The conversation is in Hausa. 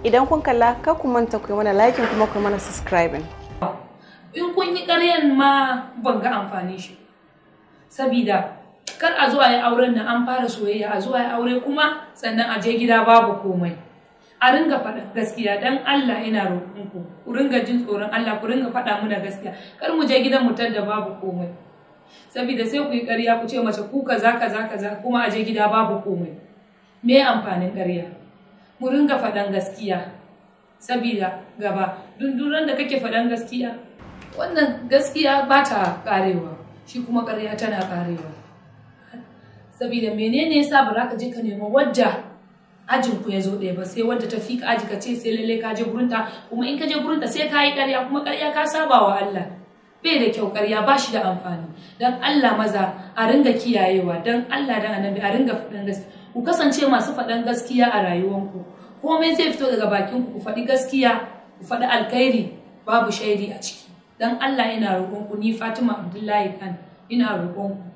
idan kun kalla ka ku manta ku mana liking kuma ku mana subscribing in kun yi ƙaryan ma ban ga amfani shi sabida kar a zuwa ya auren nan an fara soyayya a zuwa ya aure kuma sannan a je gida babu komai a ringa faɗa gaskiya dan Allah ina roƙon ku ku ringa jin tsoron Allah ku ringa faɗa muna gaskiya kar mu je gidan mu da babu komai Sabida sai ku yi ƙarya ku ce mace ku kaza kaza kaza kuma a je gida babu komai me amfanin ƙarya ku ringa faɗan gaskiya sabida gaba dunduran da kake faɗan gaskiya wannan gaskiya ba ta ƙarewa shi kuma ƙarya tana karewa sabida menene yasa ba za ka je ka nema wadda ajin ku ya zo ɗaya ba sai wadda ta fi aji ka ce sai lalle ka je gurinta kuma in ka je gurinta sai ka yi ƙarya kuma ƙarya ka saba wa Allah bai da kyau ƙarya ba shi da amfani don Allah maza a ringa kiyayewa don Allah don annabi a ringa faɗin gaskiya ku kasance masu faɗan gaskiya a rayuwanku komai zai fito daga bakin ku faɗi gaskiya ku faɗi alkhairi babu shaidi a ciki don Allah ina roƙonku ni Fatima Abdullahi kan ina roƙonku